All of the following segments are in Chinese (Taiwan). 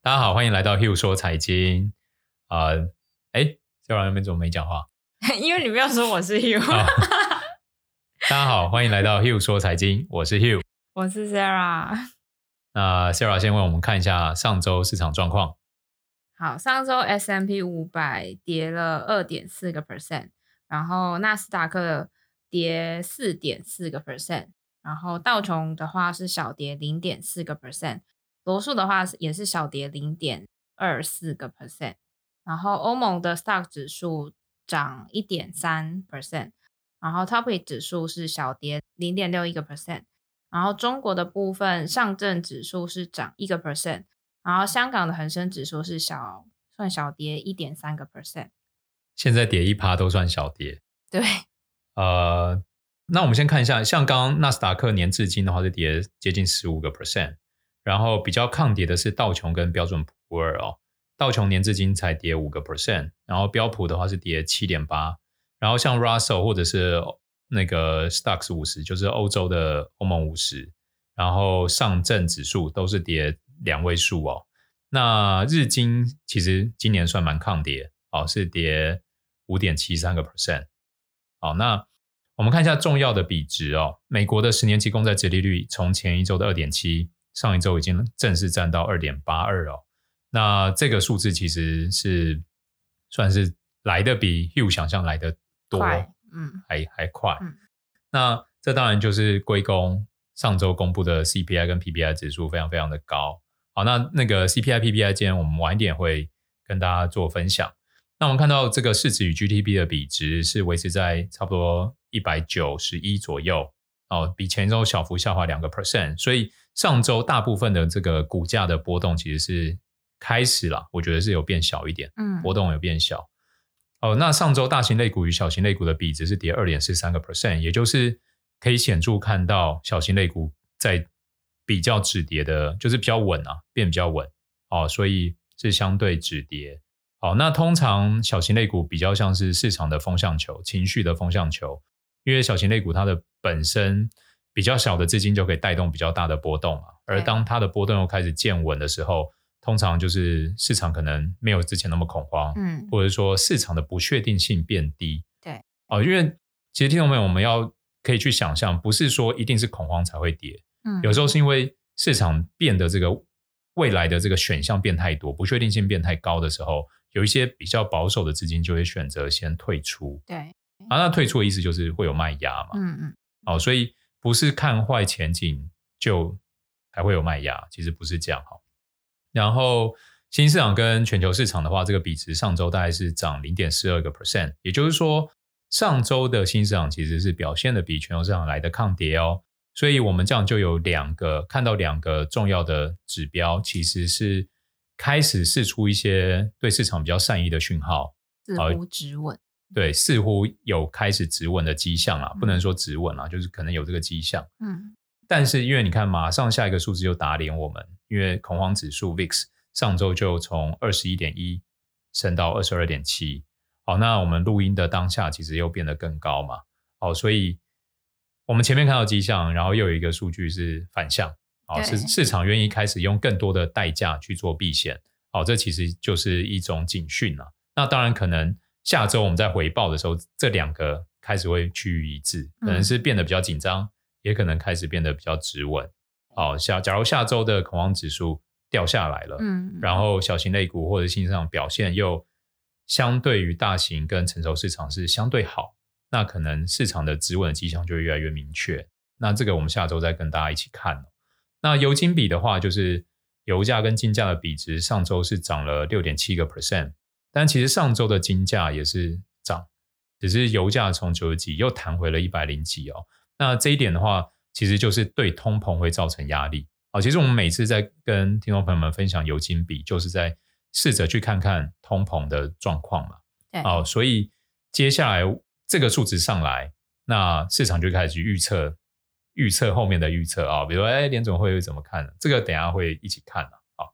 大家好，歡迎來到 Hugh 說財經。啊、呃，哎，Sarah 你們怎麼沒講話？因為你不要說我是 Hugh、 哦。大家好，歡迎來到 Hugh 說財經，我是 Hugh，我是 Sarah。那 Sarah 先為我們看一下上周市場狀況。好，上周 S&P 五百跌了二點四個 percent，然後納斯達克跌四點四個 percent，然後道瓊的話是小跌零點四個 percent。羅素的話也是小跌零點二四個 percent，然後歐盟的 Stock 指數漲一點三 percent，然後 Topic 指數是小跌零點六一個 percent，然後中國的部分上證指數是漲一個 percent，然後香港的恆生指數是小算小跌一點三個 percent，現在跌一趴都算小跌，對，呃，那我們先看一下，像剛剛納斯達克年至今的話，就跌接近十五個 percent。然後比較抗跌的是道瓊跟標準普爾哦，道瓊年至今才跌五個 percent，然後標普的話是跌七點八，然後像 Russell 或者是那個 Stoxx 五十，就是歐洲的歐盟五十，然後上證指數都是跌兩位數哦。那日經其實今年算蠻抗跌哦，是跌五點七三個 percent。好，那我們看一下重要的比值哦，美國的十年期公債殖利率從前一周的二點七。上一周已經正式占到二點八二哦，那這個數字其實是算是來的比 Hugh 想象來的多，嗯，還還快、嗯。那這當然就是歸功上周公布的 CPI 跟 PPI 指數非常非常的高。好，那那個 CPI、PPI 間，我們晚一點會跟大家做分享。那我們看到這個市值與 GDP 的比值是維持在差不多一百九十一左右。哦，比前一周小幅下滑兩個 percent，所以上周大部分的這個股價的波動其實是開始了，我覺得是有變小一點，嗯，波動有變小。哦，那上周大型類股與小型類股的比值是跌二點四三個 percent，也就是可以顯著看到小型類股在比較止跌的，就是比較穩啊，變比較穩哦，所以是相對止跌。好，哦，那通常小型類股比較像是市場的風向球，情緒的風向球。因為小型類股，它的本身比較小的資金就可以帶動比較大的波動嘛。而當它的波動又開始見穩的時候，通常就是市場可能沒有之前那麼恐慌，嗯，或者說市場的不確定性變低。對，哦，因為其實聽眾朋友，我們要可以去想象，不是說一定是恐慌才會跌，嗯，有時候是因為市場變得這個未來的這個選項變太多，不確定性變太高的時候，有一些比較保守的資金就會選擇先退出。對。啊，那退出的意思就是會有賣壓嘛？嗯嗯。哦，所以不是看壞前景就還會有賣壓，其實不是這樣哈。然後新市場跟全球市場的話，這個比值上周大概是漲零點四二個 percent，也就是說上周的新市場其實是表現的比全球市場來的抗跌哦。所以我們這樣就有兩個看到兩個重要的指標，其實是開始釋出一些對市場比較善意的訊號，好指紋對，似乎有開始止穩的跡象啊、嗯，不能說止穩啊，就是可能有這個跡象。嗯，但是因為你看，馬上下一個數字就打臉我們，因為恐慌指數 VIX 上周就從二十一點一升到二十二點七。好，那我們錄音的當下，其實又變得更高嘛。好，所以我們前面看到跡象，然後又有一個數據是反向，好，是市場願意開始用更多的代價去做避險。好，這其實就是一種警訊了。那當然可能。下周我們在回報的時候，這兩個開始會趨於一致，可能是變得比較緊張，嗯、也可能開始變得比較止穩。好、哦，下假如下周的恐慌指數掉下來了，嗯、然後小型類股或者新興市場表現又相對於大型跟成熟市場是相對好，那可能市場的止穩的跡象就越來越明確。那這個我們下周再跟大家一起看。那油金比的話，就是油價跟金價的比值，上周是漲了六點七個 percent。但其實上周的金價也是漲，只是油價從九十幾又彈回了一百零幾哦。那這一點的話，其實就是對通膨會造成壓力。好、哦，其實我們每次在跟聽眾朋友們分享油金比，就是在試着去看看通膨的狀況嘛。好、哦，所以接下來這個數值上來，那市場就開始預測，預測後面的預測啊、哦，比如說誒、哎、聯總會會怎麼看？這個等一下會一起看了、啊哦。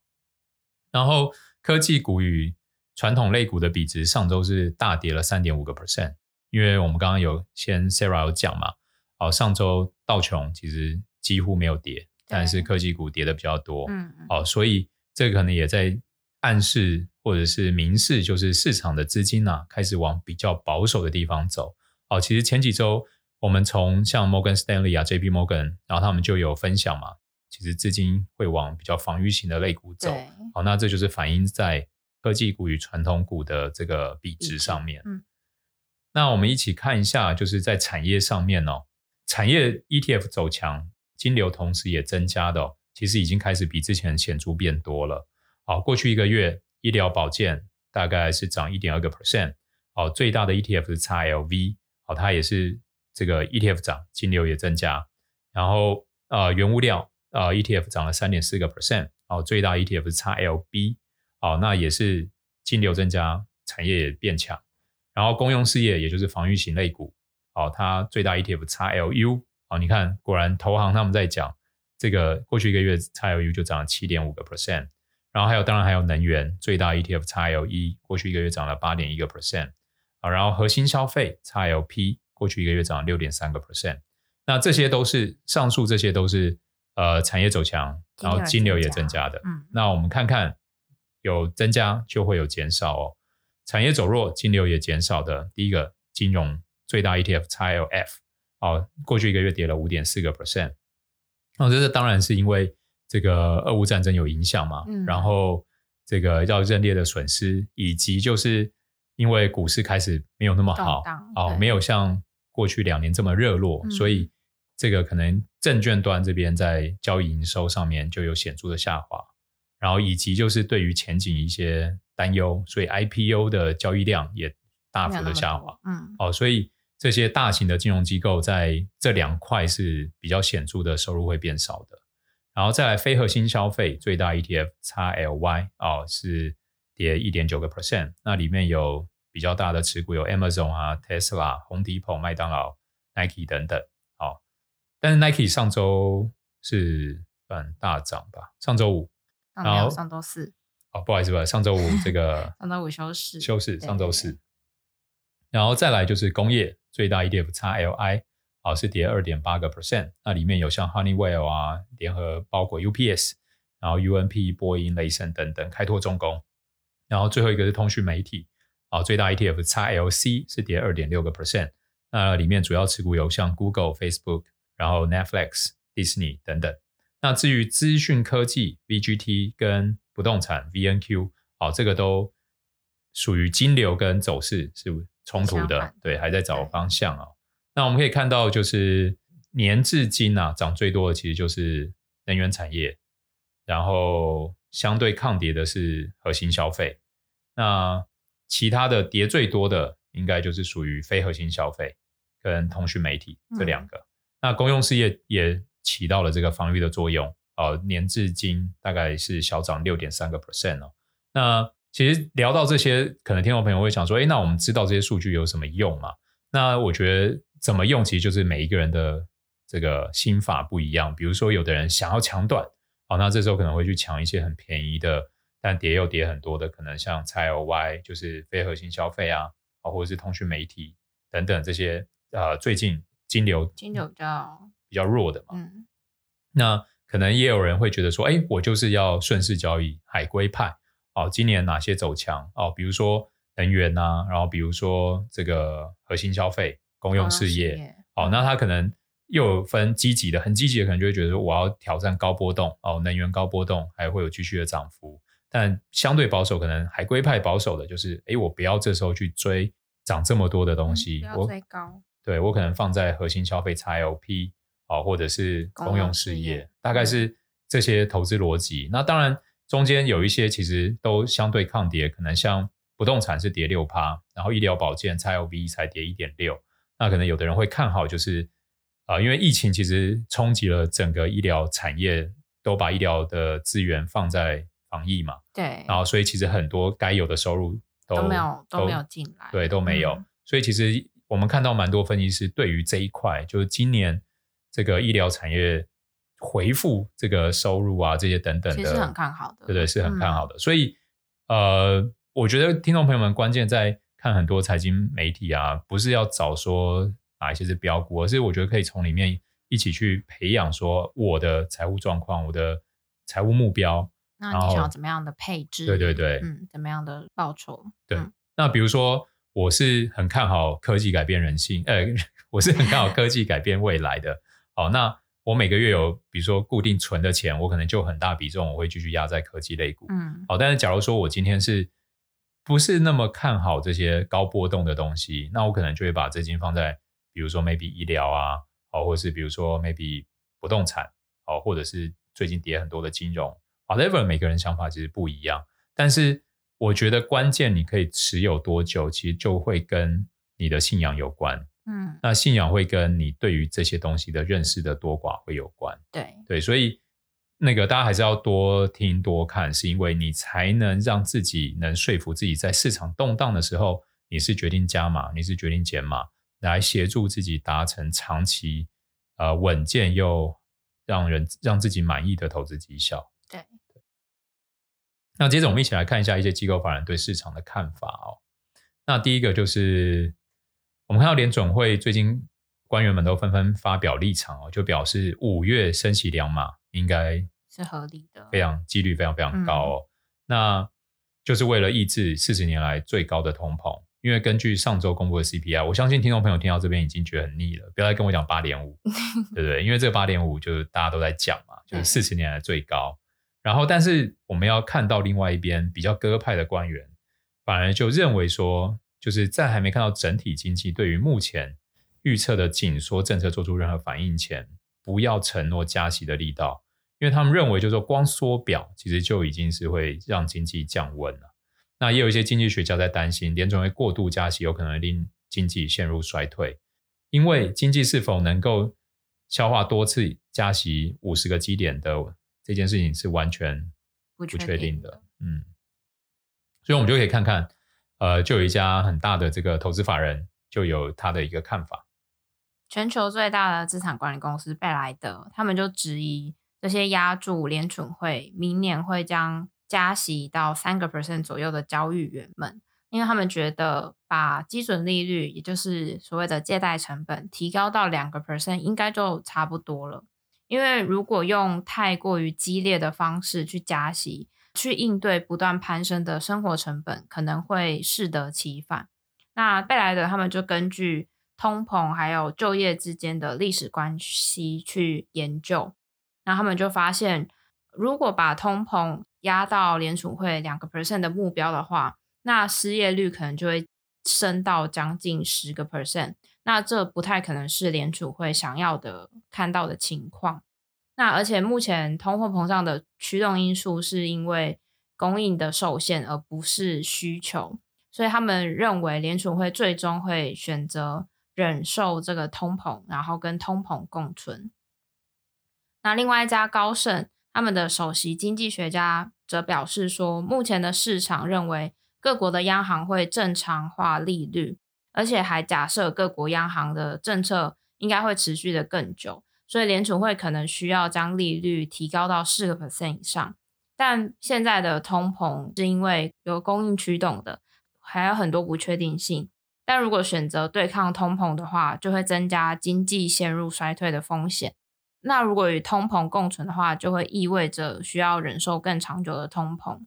然後科技股與傳統類股的比值上周是大跌了三點五個 percent，因為我們剛剛有先 Sarah 有講嘛，哦，上周道瓊其實幾乎沒有跌，但是科技股跌的比較多，嗯，哦，所以這個可能也在暗示或者是明示，就是市場的資金啊開始往比較保守的地方走。好，其實前幾周我們從像 Morgan Stanley 啊、JP Morgan，然後他們就有分享嘛，其實資金會往比較防禦型的類股走，好，那這就是反映在。科技股與傳統股的這個比值上面，嗯，那我們一起看一下，就是在產業上面哦，產業 ETF 走強，金流同時也增加的，哦，其實已經開始比之前顯著變多了。好，過去一個月，醫療保健大概是漲一點二個 percent，哦，最大的 ETF 是 XLV，哦，它也是這個 ETF 漲，金流也增加，然後啊、呃，原物料啊、呃、ETF 漲了三點四個 percent，哦，最大 ETF 是 XLB。哦，那也是金流增加，產業也變強，然後公用事業，也就是防禦型類股，哦，它最大 ETF XLU，哦，你看果然投行他們在講這個過去一個月 XLU 就漲了七點五個 percent，然後還有當然還有能源最大 ETF XLE 過去一個月漲了八點一個 percent，啊，然後核心消費 XLP 過去一個月漲了六點三個 percent，那這些都是上述這些都是呃產業走強，然後金流也增加的，加嗯，那我們看看。有增加就會有減少哦，產業走弱，金流也減少的。第一個金融最大 ETF XLF 哦，過去一個月跌了五點四個 percent。那、哦、這是當然是因為這個俄烏戰爭有影響嘛，嗯、然後這個要認列的損失，以及就是因為股市開始沒有那麼好哦，沒有像過去兩年這麼熱絡，嗯、所以這個可能證券端這邊在交易營收上面就有顯著的下滑。然後以及就是對於前景一些擔憂，所以 IPO 的交易量也大幅的下滑。嗯，哦，所以這些大型的金融機構在這兩塊是比較顯著的收入會變少的。然後再來非核心消費最大 ETF XLY 哦，是跌一點九個 percent，那裡面有比較大的持股有 Amazon 啊、Tesla、Home Depot、麥當勞、Nike 等等。好、哦，但是 Nike 上周是算大漲吧？上周五。然後上周四，哦，不好意思，不好意思，上周五這個。 上周五休市。休市，上周四。然後再來就是工業最大 ETF XLI，啊，是跌二點八個 percent。那裡面有像 Honeywell 啊、聯合包裹 UPS，然後 UNP、波音、雷神等等開拓重工。然後最後一個是通訊媒體，啊，最大 ETF XLC 是跌二點六個 percent。那裡面主要持股有像 Google、Facebook，然後 Netflix、Disney 等等。那至於資訊科技 VGT 跟不動產 VNQ，哦，這個都屬於金流跟走勢是衝突的，對，還在找方向啊、哦。那我們可以看到，就是年至今啊，漲最多的其實就是能源產業，然後相對抗跌的是核心消費，那其他的跌最多的應該就是屬於非核心消費跟通訊媒體這兩個、嗯。那公用事業也。起到了這個防禦的作用啊、呃，年至今大概是小漲六點三個 percent 哦。那其實聊到這些，可能聽眾朋友會想說，哎，那我們知道這些數據有什麼用嘛？那我覺得怎麼用，其實就是每一個人的這個心法不一樣。比如說，有的人想要搶短，好、哦，那這時候可能會去搶一些很便宜的，但跌又跌很多的，可能像 XLY，就是非核心消費啊，啊、哦，或者是通訊媒體等等這些。呃、最近金流，金流到，比較弱的嘛、嗯，那可能也有人會覺得說：“哎、欸，我就是要順勢交易，海龜派哦，今年哪些走強哦？比如說能源啊，然後比如說這個核心消費、公用事業、啊、哦，那他可能又有分積極的，很積極的，可能就會覺得說我要挑戰高波動哦，能源高波動還會有繼續的漲幅，但相對保守，可能海龜派保守的就是：哎、欸，我不要這時候去追漲這麼多的東西，嗯、不要追高我高對我可能放在核心消費 XLP。”啊，或者是公用，公用事業，大概是這些投資邏輯。那當然中間有一些其實都相對抗跌，可能像不動產是跌六趴，然後醫療保健 XLV 才跌一點六。那可能有的人會看好，就是啊、呃，因為疫情其實衝擊了整個醫療產業，都把醫療的資源放在防疫嘛。對。然後，所以其實很多該有的收入都沒有都沒有進來，對，都沒有、嗯。所以其實我們看到蠻多分析師對於這一塊，就是今年。這個醫療產業恢復，這個收入啊，這些等等的，其實是很看好的，對對，是很看好的。嗯、所以，呃，我覺得聽眾朋友們，關鍵在看很多財經媒體啊，不是要找說哪一些是標股，而是我覺得可以從裡面一起去培養說我的財務狀況，我的財務目標。那你想要怎麼樣的配置？對對對，嗯，怎麼樣的報酬？對、嗯。那比如說，我是很看好科技改變人性，呃，我是很看好科技改變未來的。 好、哦，那我每個月有，比如說固定存的錢，我可能就很大比重我會繼續壓在科技類股。嗯，好、哦，但是假如說我今天是不是那麼看好這些高波動的東西，那我可能就會把資金放在，比如說 maybe 醫療啊，好、哦，或是比如說 maybe 不動產，好、哦，或者是最近跌很多的金融。However，每個人想法其實不一樣，但是我覺得關鍵你可以持有多久，其實就會跟你的信仰有關。嗯，那信仰會跟你對於這些東西的認識的多寡會有關。對。對對，所以那個大家還是要多聽多看，是因為你才能讓自己能說服自己，在市場動盪的時候，你是決定加碼，你是決定減碼，來協助自己達成長期啊、呃，穩健又讓人讓自己滿意的投資績效。對。那接着我們一起來看一下一些機構法人對市場的看法哦。那第一個就是。我們看到聯準會最近官員們都紛紛發表立場哦，就表示五月升息兩碼應該是合理的，非常幾率非常非常高，哦嗯。那就是為了抑制四十年來最高的通膨，因為根據上週公布的 CPI，我相信聽眾朋友聽到這邊已經覺得很膩了，不要再跟我講八點五，對不對？因為這個八點五就是大家都在講嘛，就是四十年來最高。然後，但是我們要看到另外一邊比較鴿派的官員，反而就認為說。就是在還沒看到整體經濟對於目前預測的緊縮政策做出任何反應前，不要承諾加息的力道，因為他們認為，就是說光縮表其實就已經是會讓經濟降溫了。那也有一些經濟學家在擔心，聯準會過度加息有可能令經濟陷入衰退，因為經濟是否能夠消化多次加息五十個基點的這件事情是完全不確定的。嗯，所以我們就可以看看。呃，就有一家很大的這個投資法人，就有他的一個看法。全球最大的資產管理公司貝萊德，他們就質疑這些押注聯儲會明年會將加息到三個 percent 左右的交易員們，因為他們覺得把基準利率，也就是所謂的借貸成本提高到兩個 percent，應該就差不多了。因為如果用太過於激烈的方式去加息，去應對不斷攀升的生活成本，可能會適得其反。那貝萊德他們就根據通膨還有就業之間的歷史關係去研究，那他們就發現，如果把通膨壓到聯儲會兩個 percent 的目標的話，那失業率可能就會升到將近十個 percent。那這不太可能是聯儲會想要的看到的情況。那而且目前通貨膨脹的驅動因素是因為供應的受限，而不是需求，所以他們認為聯儲會最終會選擇忍受這個通膨，然後跟通膨共存。那另外一家高盛，他們的首席經濟學家則表示說，目前的市場認為各國的央行會正常化利率，而且還假設各國央行的政策應該會持續的更久。所以聯儲會可能需要將利率提高到四個百分以上，但現在的通膨，是因為由供應驅動的，還有很多不確定性。但如果選擇對抗通膨的話，就會增加經濟陷入衰退的風險。那如果與通膨共存的話，就會意味着需要忍受更長久的通膨。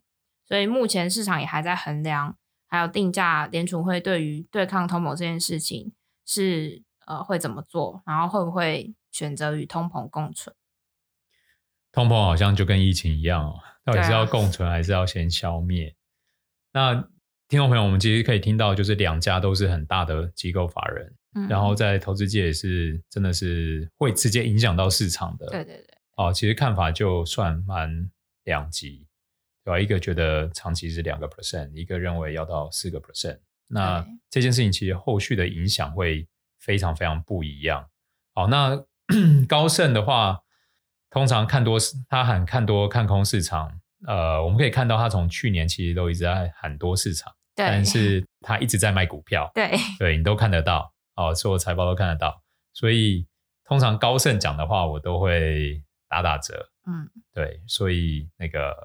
所以目前市場也還在衡量，還有定價聯儲會對於對抗通膨這件事情是呃，會怎麼做？然後會不會選擇與通膨共存？通膨好像就跟疫情一樣哦，到底是要共存還是要先消滅？啊、那聽眾朋友，我們其實可以聽到，就是兩家都是很大的機構法人、嗯，然後在投資界也是真的是會直接影響到市場的。對對對。哦、呃，其實看法就算蠻兩極，對吧？一個覺得長期是兩個 percent，一個認為要到四個 percent。那這件事情其實後續的影響會非常非常不一樣。好、哦，那高盛的話，通常看多，他很看多看空市場。呃，我們可以看到，他從去年其實都一直在喊多市場，但是他一直在賣股票對。對，你都看得到，哦，所有財報都看得到。所以，通常高盛講的話，我都會打打折。嗯，對，所以那個，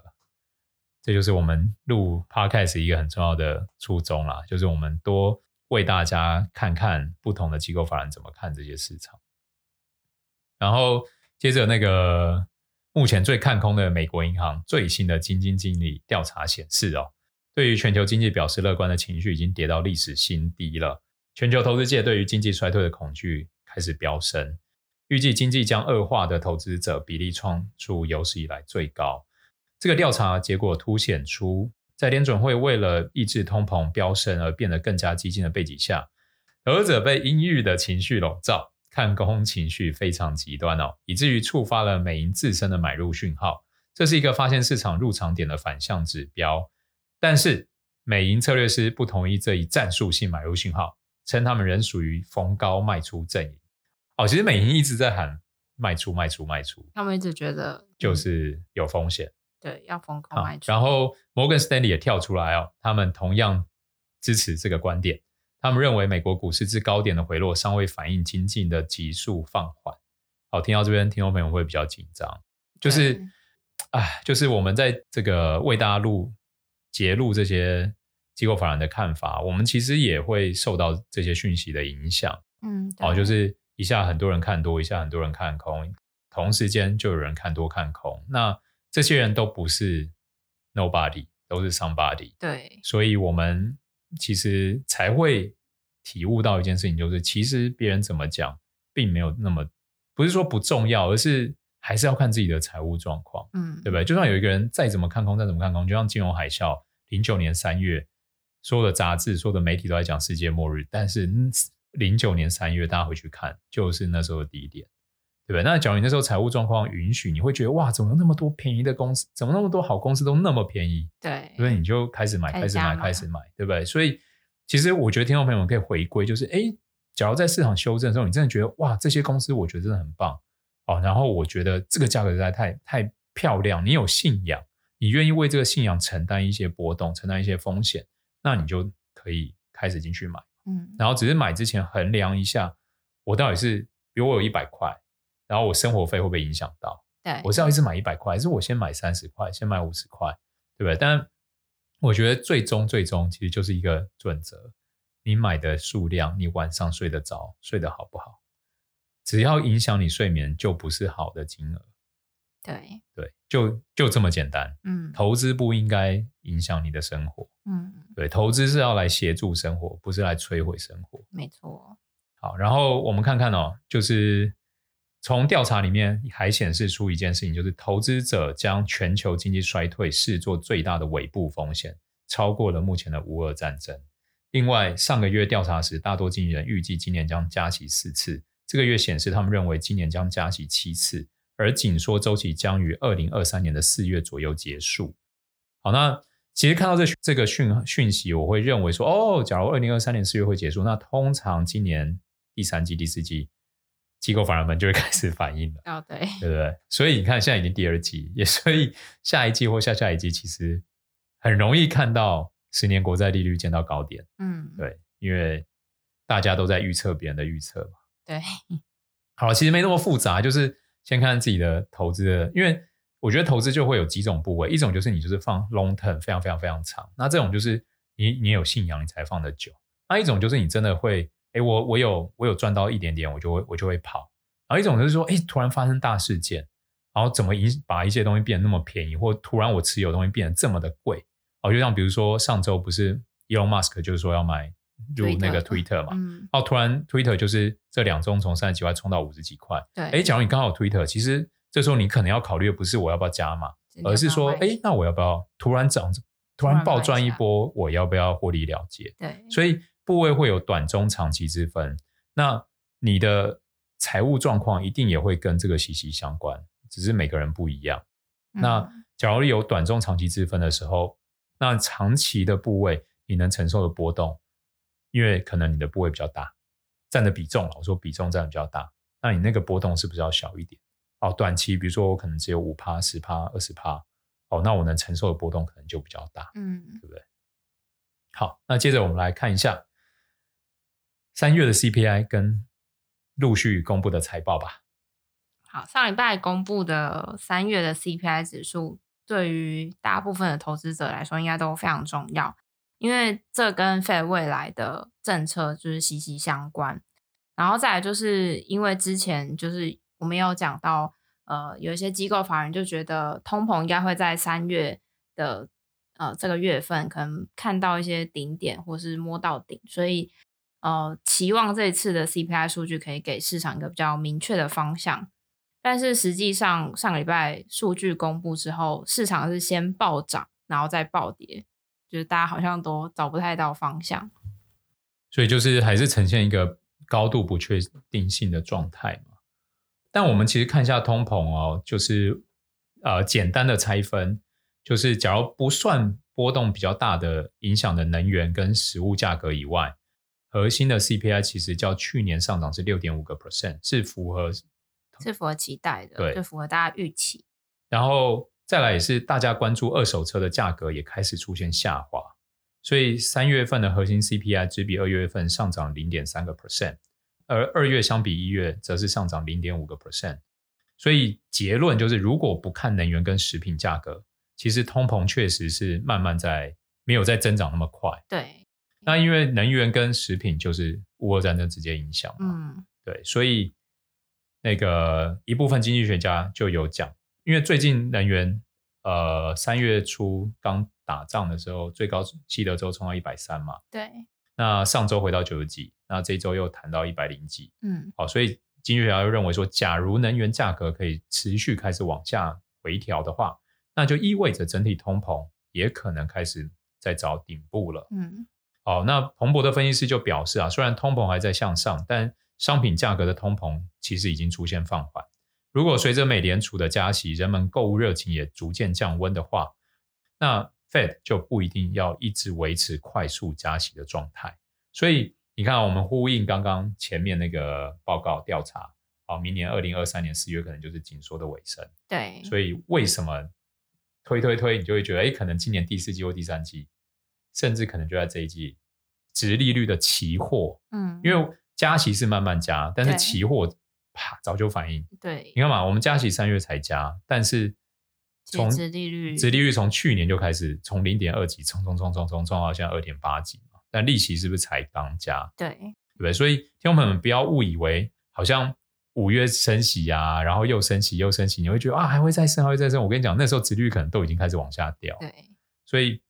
這就是我們錄 Podcast 一個很重要的初衷啦，就是我們多。為大家看看不同的機構法人怎麼看這些市場，然後接着那個目前最看空的美國銀行最新的基金經理調查顯示，哦，對於全球經濟表示樂觀的情緒已經跌到歷史新低了，全球投資界對於經濟衰退的恐懼開始飆升，預計經濟將惡化的投資者比例創出有史以來最高。這個調查結果凸顯出。在聯準會為了抑制通膨飆升而變得更加激進的背景下，投資者被陰鬱的情緒籠罩，看空情緒非常極端哦，以至於觸發了美銀自身的買入訊號，這是一個發現市場入場點的反向指標。但是美銀策略師不同意這一戰術性買入訊號，稱他們仍屬於逢高賣出陣營。哦，其實美銀一直在喊賣出、賣出、賣出，他們一直覺得就是有風險。嗯對，要瘋狂買進啊。然後，摩根士丹利也跳出來哦，他們同樣支持這個觀點。他們認為美國股市至高點的回落尚未反映經濟的急速放緩。好，聽到這邊，聽眾朋友們會比較緊張，就是，唉，就是我們在這個為大陸揭露這些機構法人的看法，我們其實也會受到這些訊息的影響。嗯，哦、啊，就是一下很多人看多，一下很多人看空，同時間就有人看多看空，那。這些人都不是 nobody，都是 somebody。對，所以我們其實才會體悟到一件事情，就是其實別人怎麼講，並沒有那麼不是說不重要，而是還是要看自己的財務狀況。嗯，對不對？就算有一個人再怎麼看空，再怎麼看空，就像金融海嘯，零九年三月，所有的雜誌、所有的媒體都在講世界末日，但是零九年三月，大家回去看，就是那時候的低點。對，那假如你那時候財務狀況允許，你會覺得哇，怎麼那麼多便宜的公司，怎麼那麼多好公司都那麼便宜？對，所以你就開始買，開始買，開始買，對不對？所以其實我覺得聽眾朋友們可以回歸，就是哎，假如在市場修正的時候，你真的覺得哇，這些公司我覺得真的很棒哦，然後我覺得這個價格實在太太漂亮，你有信仰，你願意為這個信仰承擔一些波動，承擔一些風險，那你就可以開始進去買，嗯，然後只是買之前衡量一下，我到底是比如我有一百塊。然後我生活費會不會影響到？對，我是要一直買一百塊，還是我先買三十塊，先買五十塊，對不對？但我覺得最終最終其實就是一個準則：你買的數量，你晚上睡得着，睡得好不好？只要影響你睡眠，就不是好的金額。對對，就就這麼簡單。嗯，投資不應該影響你的生活。嗯，對，投資是要來協助生活，不是來摧毀生活。沒錯。好，然後我們看看哦，就是。從調查裡面還顯示出一件事情，就是投資者將全球經濟衰退視作最大的尾部風險，超過了目前的烏俄戰爭。另外，上個月調查時，大多經理人預計今年將加息四次，這個月顯示他們認為今年將加息七次，而緊縮週期將於二零二三年的四月左右結束。好，那其實看到這這個訊訊息，我會認為說，哦，假如二零二三年四月會結束，那通常今年第三季、第四季。機構反而們就會開始反應了，哦對，對不對？所以你看現在已經第二季，也所以下一季或下下一季，其實很容易看到十年國債利率見到高點。嗯，對，因為大家都在預測別人的預測嘛。對，好了，其實沒那麼複雜，就是先看自己的投資的，因為我覺得投資就會有幾種部位，一種就是你就是放 long term，非常非常非常長，那這種就是你你有信仰你才放得久，那一種就是你真的會。哎，我我有我有賺到一點點，我就會我就會跑。然後一種就是說，哎，突然發生大事件，然後怎麼一把一些東西變得那麼便宜，或突然我持有的東西變得這麼的貴。哦，就像比如說上周不是 Elon Musk 就是說要買入那個 Twitter 嘛，Twitter，嗯，然後突然 Twitter 就是這兩周從三十幾塊衝到五十幾塊。對。誒假如你剛好有 Twitter，其實這時候你可能要考慮的不是我要不要加碼，而是說，哎，那我要不要突然漲，突然爆賺一波，我要不要獲利了結？對。所以。部位會有短、中、長期之分，那你的財務狀況一定也會跟這個息息相關，只是每個人不一樣。那假如你有短、中、長期之分的時候，那長期的部位你能承受的波動，因為可能你的部位比較大，佔的比重，我說比重佔的比較大，那你那個波動是不是要小一點？哦，短期比如說我可能只有五趴、十趴、二十趴，哦，那我能承受的波動可能就比較大，嗯，對不對？好，那接着我們來看一下。三月的 CPI 跟陸續公布的財報吧。好，上禮拜公布的三月的 CPI 指數，對於大部分的投資者來說，應該都非常重要，因為這跟 Fed 未來的政策就是息息相關。然後再來，就是因為之前就是我們有講到，呃，有一些機構法人就覺得通膨應該會在三月的呃這個月份可能看到一些頂點，或是摸到頂，所以。呃，期望這次的 CPI 數據可以給市場一個比較明確的方向，但是實際上上個禮拜數據公布之後，市場是先暴漲，然後再暴跌，就是大家好像都找不太到方向，所以就是還是呈現一個高度不確定性的狀態嘛。但我們其實看一下通膨哦，就是呃簡單的拆分，就是假如不算波動比較大的影響的能源跟食物價格以外。核心的 CPI 其實較去年上漲是六點五個 percent，是符合是符合期待的，對，是符合大家預期。然後再來也是大家關注二手車的價格也開始出現下滑，所以三月份的核心 CPI 只比二月份上漲零點三個 percent，而二月相比一月則是上漲零點五個 percent。所以結論就是，如果不看能源跟食品價格，其實通膨確實是慢慢在沒有在增長那麼快。對。那因為能源跟食品就是烏俄戰爭直接影響嘛嗯，對，所以那個一部分經濟學家就有講，因為最近能源，呃，三月初剛打仗的時候，最高西德州衝到一百三嘛，對，那上周回到九十幾，那這周又彈到一百零幾，嗯，好，所以經濟學家又認為說，假如能源價格可以持續開始往下回調的話，那就意味着整體通膨也可能開始在找頂部了，嗯。好，那彭博的分析師就表示啊，雖然通膨還在向上，但商品價格的通膨其實已經出現放緩。如果隨着美聯儲的加息，人們購物熱情也逐漸降溫的話，那 Fed 就不一定要一直維持快速加息的狀態。所以你看，我們呼應剛剛前面那個報告調查，好，明年二零二三年四月可能就是緊縮的尾聲。對，所以為什麼推推推，你就會覺得，哎，可能今年第四季或第三季。甚至可能就在這一季，殖利率的期貨，嗯，因為加息是慢慢加，但是期貨啪早就反應，對，你看嘛，我們加息三月才加，但是從殖利率，殖利率從去年就開始從零點二幾，衝衝衝衝衝衝到現在二點八幾嘛，但利息是不是才剛加？對，對不對？所以聽眾朋友們不要誤以為，好像五月升息啊，然後又升息又升息，你會覺得啊還會再升還會再升，我跟你講那時候殖利率可能都已經開始往下掉，對，所以。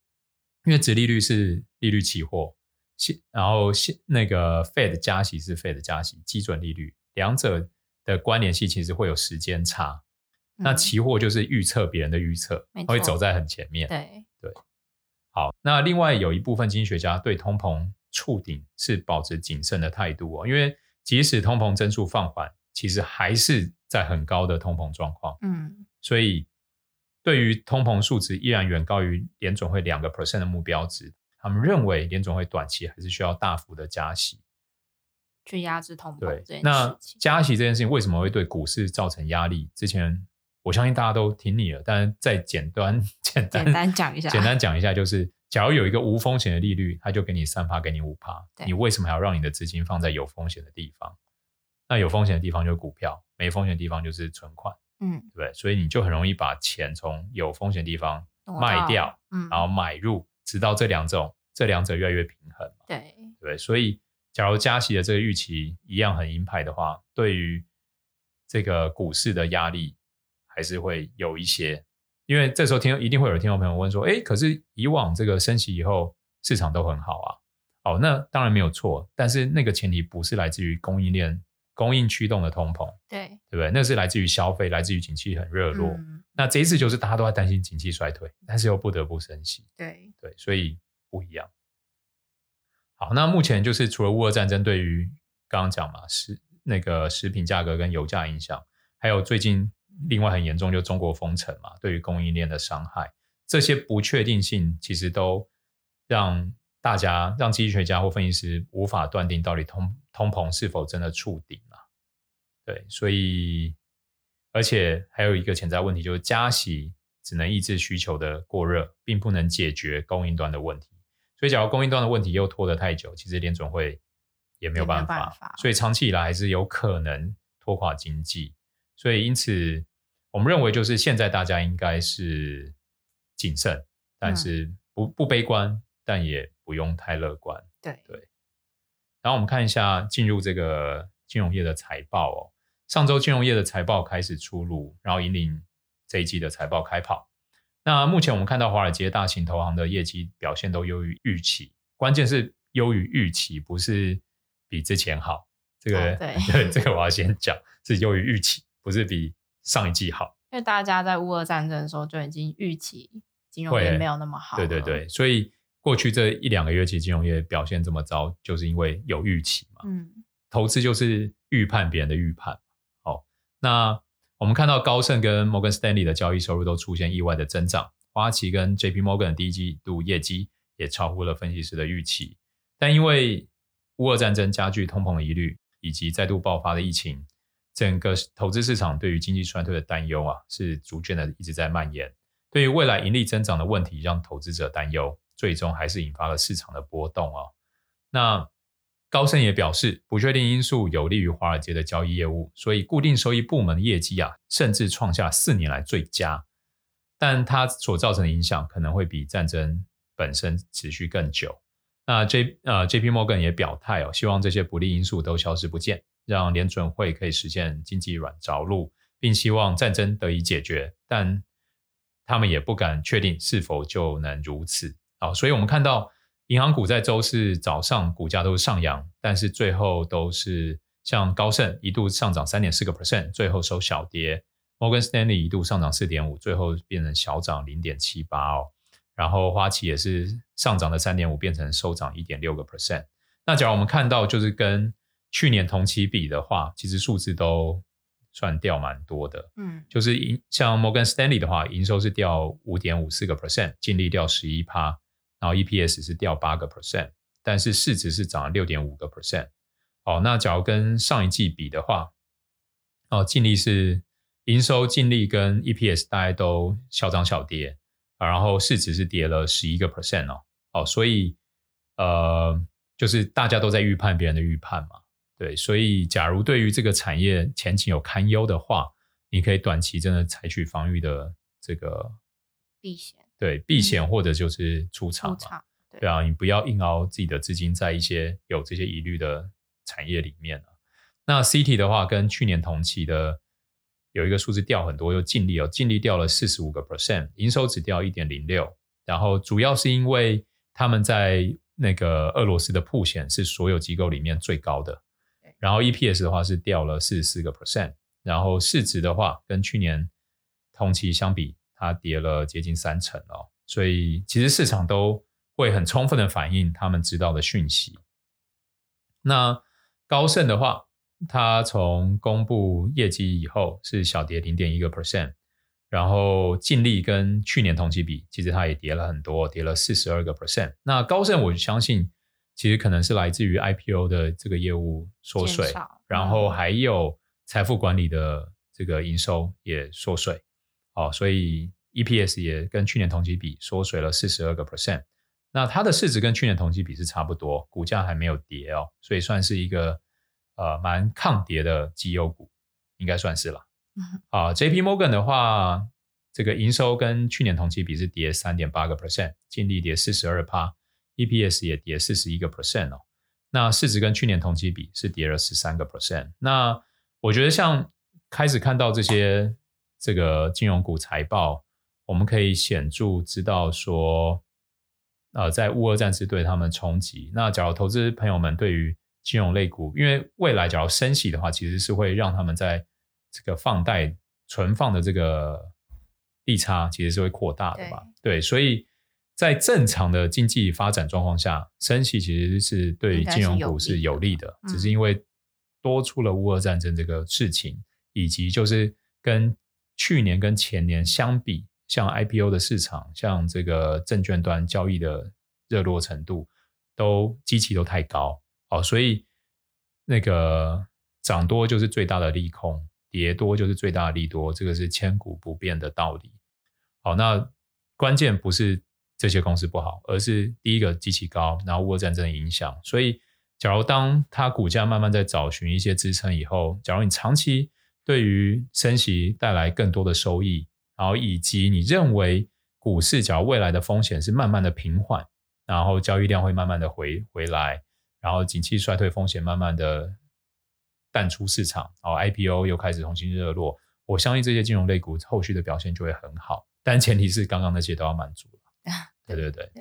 因為殖利率是利率期貨，然後那個 Fed 加息是 Fed 加息基準利率，兩者的關聯性其實會有時間差，嗯。那期貨就是預測別人的預測，會走在很前面。對，對。好，那另外有一部分經濟學家對通膨觸頂是保持謹慎的態度哦，因為即使通膨增速放緩，其實還是在很高的通膨狀況。嗯，所以。對於通膨數值依然遠高於聯準會兩個 percent 的目標值，他們認為聯準會短期還是需要大幅的加息，去壓制通膨對。對，那加息這件事情為什麼會對股市造成壓力？之前我相信大家都聽膩了，但是再簡單簡單，簡單講一下，簡單講一下，就是假如有一個無風險的利率，他就給你三趴，給你五趴。你為什麼還要讓你的資金放在有風險的地方？那有風險的地方就是股票，沒風險的地方就是存款。嗯，對不對？所以你就很容易把錢從有風險的地方賣掉，嗯嗯，然後買入，直到這兩種這兩者越來越平衡嘛。對。對不對？所以假如加息的這個預期一樣很鷹派的話，對於這個股市的壓力還是會有一些。因為這時候聽一定會有聽眾朋友問說，哎，可是以往這個升息以後市場都很好啊，哦，那當然沒有錯，但是那個前提不是來自於供應鏈。供應驅動的通膨，對對不對？那是來自於消費，來自於景氣很熱絡，嗯。那這一次就是大家都在擔心景氣衰退，但是又不得不升息。對對，所以不一樣。好，那目前就是除了烏俄戰爭對於剛剛講嘛，食那個食品價格跟油價影響，還有最近另外很嚴重就中國封城嘛，對於供應鏈的傷害，這些不確定性其實都讓大家讓經濟學家或分析師無法斷定到底通。通膨是否真的觸頂了？對，所以而且還有一個潛在問題就是，加息只能抑制需求的過熱，並不能解決供應端的問題。所以，假如供應端的問題又拖得太久，其實聯準會也沒有辦法。辦法所以，長期以來還是有可能拖垮經濟。所以，因此我們認為，就是現在大家應該是謹慎，但是不、嗯、不悲觀，但也不用太樂觀。對對。然後我們看一下進入這個金融業的財報哦。上周金融業的財報開始出爐，然後引領這一季的財報開跑。那目前我們看到華爾街大型投行的業績表現都優於預期，關鍵是優於預期，不是比之前好。這個、啊、對。這個我要先講，是優於預期，不是比上一季好。因為大家在烏俄戰爭的時候就已經預期金融業沒有那麼好。對對對，所以。過去這一兩個月，其實金融業表現這麼糟，就是因為有預期嘛。嗯，投資就是預判別人的預判。好，那我們看到高盛跟摩根士丹利的交易收入都出現意外的增長，花旗跟 J.P. Morgan 的第一季度業績也超乎了分析師的預期。但因為烏俄戰爭加劇通膨的疑慮，以及再度爆發的疫情，整個投資市場對於經濟衰退的擔憂啊，是逐漸的一直在蔓延。對於未來盈利增長的問題，讓投資者擔憂。最終還是引發了市場的波動哦。那高盛也表示，不確定因素有利於華爾街的交易業務，所以固定收益部門的業績啊，甚至創下四年來最佳。但它所造成的影響可能會比戰爭本身持續更久。那 J 啊、呃、JP Morgan 也表態哦，希望這些不利因素都消失不見，讓聯準會可以實現經濟軟着陸，並希望戰爭得以解決。但他們也不敢確定是否就能如此。好，所以我們看到銀行股在周四早上股價都是上揚，但是最後都是像高盛一度上漲三點四個 percent，最後收小跌；摩根士丹利一度上漲四點五，最後變成小漲零點七八哦。然後花旗也是上漲了三點五，變成收漲一點六個 percent。那假如我們看到就是跟去年同期比的話，其實數字都算掉蠻多的，嗯，就是營像摩根士丹利的話，營收是掉五點五四個 percent，淨利掉十一趴。然後 EPS 是掉八個 percent，但是市值是漲了六點五個 percent。哦，那假如跟上一季比的話，哦，淨利是營收淨利跟 EPS 大概都小漲小跌，啊，然後市值是跌了十一個 percent 哦。哦，所以呃，就是大家都在預判別人的預判嘛。對，所以假如對於這個產業前景有堪憂的話，你可以短期真的採取防御的這個避險。對，避險或者就是出場嘛、嗯出場，對，對啊，你不要硬拗自己的資金在一些有這些疑慮的產業裡面。那 Citi 的話，跟去年同期的有一個數字掉很多，又淨利，哦，淨利掉了四十五個 percent，營收只掉一點零六，然後主要是因為他們在那個俄羅斯的曝險是所有機構裡面最高的，然後 EPS 的話是掉了四十四個 percent，然後市值的話跟去年同期相比。它跌了接近三成哦，所以其實市場都會很充分的反映他們知道的訊息。那高盛的話，它從公布業績以後是小跌零點一個 percent，然後淨利跟去年同期比，其實它也跌了很多，跌了四十二個 percent。那高盛我相信其實可能是來自於 IPO 的這個業務縮水、嗯，然後還有財富管理的這個營收也縮水。哦，所以 E P S 也跟去年同期比縮水了四十二個 percent，那它的市值跟去年同期比是差不多，股價還沒有跌哦，所以算是一個呃蠻抗跌的績優股，應該算是啦。嗯、啊，J P Morgan 的話，這個營收跟去年同期比是跌三點八個 percent，淨利跌四十二趴，E P S 也跌四十一個 percent 哦，那市值跟去年同期比是跌了十三個 percent，那我覺得像開始看到這些。.這個金融股財報，我們可以顯著知道說，呃，在烏俄戰爭對他們衝擊。那假如投資朋友們對於金融類股，因為未來假如升息的話，其實是會讓他們在這個放貸存放的這個利差，其實是會擴大的嘛？對，所以在正常的經濟發展狀況下，升息其實是對於金融股是有利的，有利的，只是因為多出了烏俄戰爭這個事情，嗯、以及就是跟，去年跟前年相比，像 IPO 的市場，像這個證券端交易的熱絡程度，都基期都太高。好，所以那個漲多就是最大的利空，跌多就是最大的利多，這個是千古不變的道理。好，那關鍵不是這些公司不好，而是第一個基期高，然後俄烏戰爭影響，所以假如當它股價慢慢在找尋一些支撐以後，假如你長期。對於升息帶來更多的收益，然後以及你認為股市較未來的風險是慢慢的平緩，然後交易量會慢慢的回回來，然後景氣衰退風險慢慢的淡出市場，然後 IPO 又開始重新熱絡，我相信這些金融類股後續的表現就會很好，但前提是剛剛那些都要滿足了。對對對，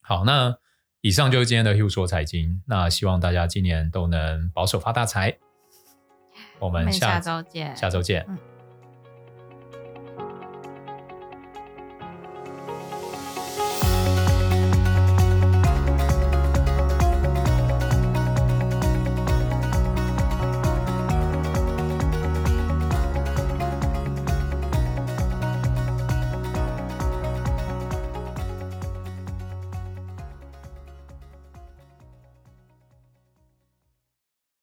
好，那以上就是今天的 Hugh 說財經，那希望大家今年都能保守發大財。我們下周見，下周見。嗯